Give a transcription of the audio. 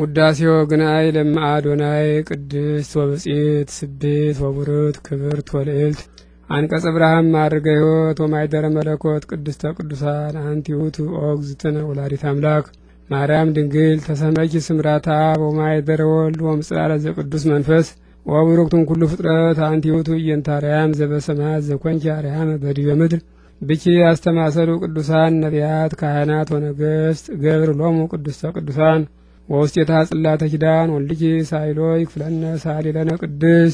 ውዳሴ ግናይ ለማአዶናይ ቅድስት ወብጽት ስቤት ወቡርት ክብርት ወልዕልት አንቀጽ ብርሃም ማርገ ሕይወት ወማይደረ መለኮት ቅድስተ ቅዱሳን አንቲ ውእቱ ኦግ ዝጥነ ወላዲት አምላክ ማርያም ድንግል ተሰመኪ ስምራታ ወማይደረ ወልድ ወምጽላለ ዘቅዱስ መንፈስ ወቡሩክቱን ኩሉ ፍጥረት አንቲ ውእቱ እየንታርያም ዘበሰማያት ዘኮንኪ አርያም በዲበ ምድር ብኪ አስተማሰሉ ቅዱሳን ነቢያት ካህናት ወነገስት ገብር ሎሙ ቅድስተ ቅዱሳን ወውስቴታ ጽላተ ኪዳን ወልድኪ ሳይሎይ ክፍለነ ሳሊለነ ቅድስት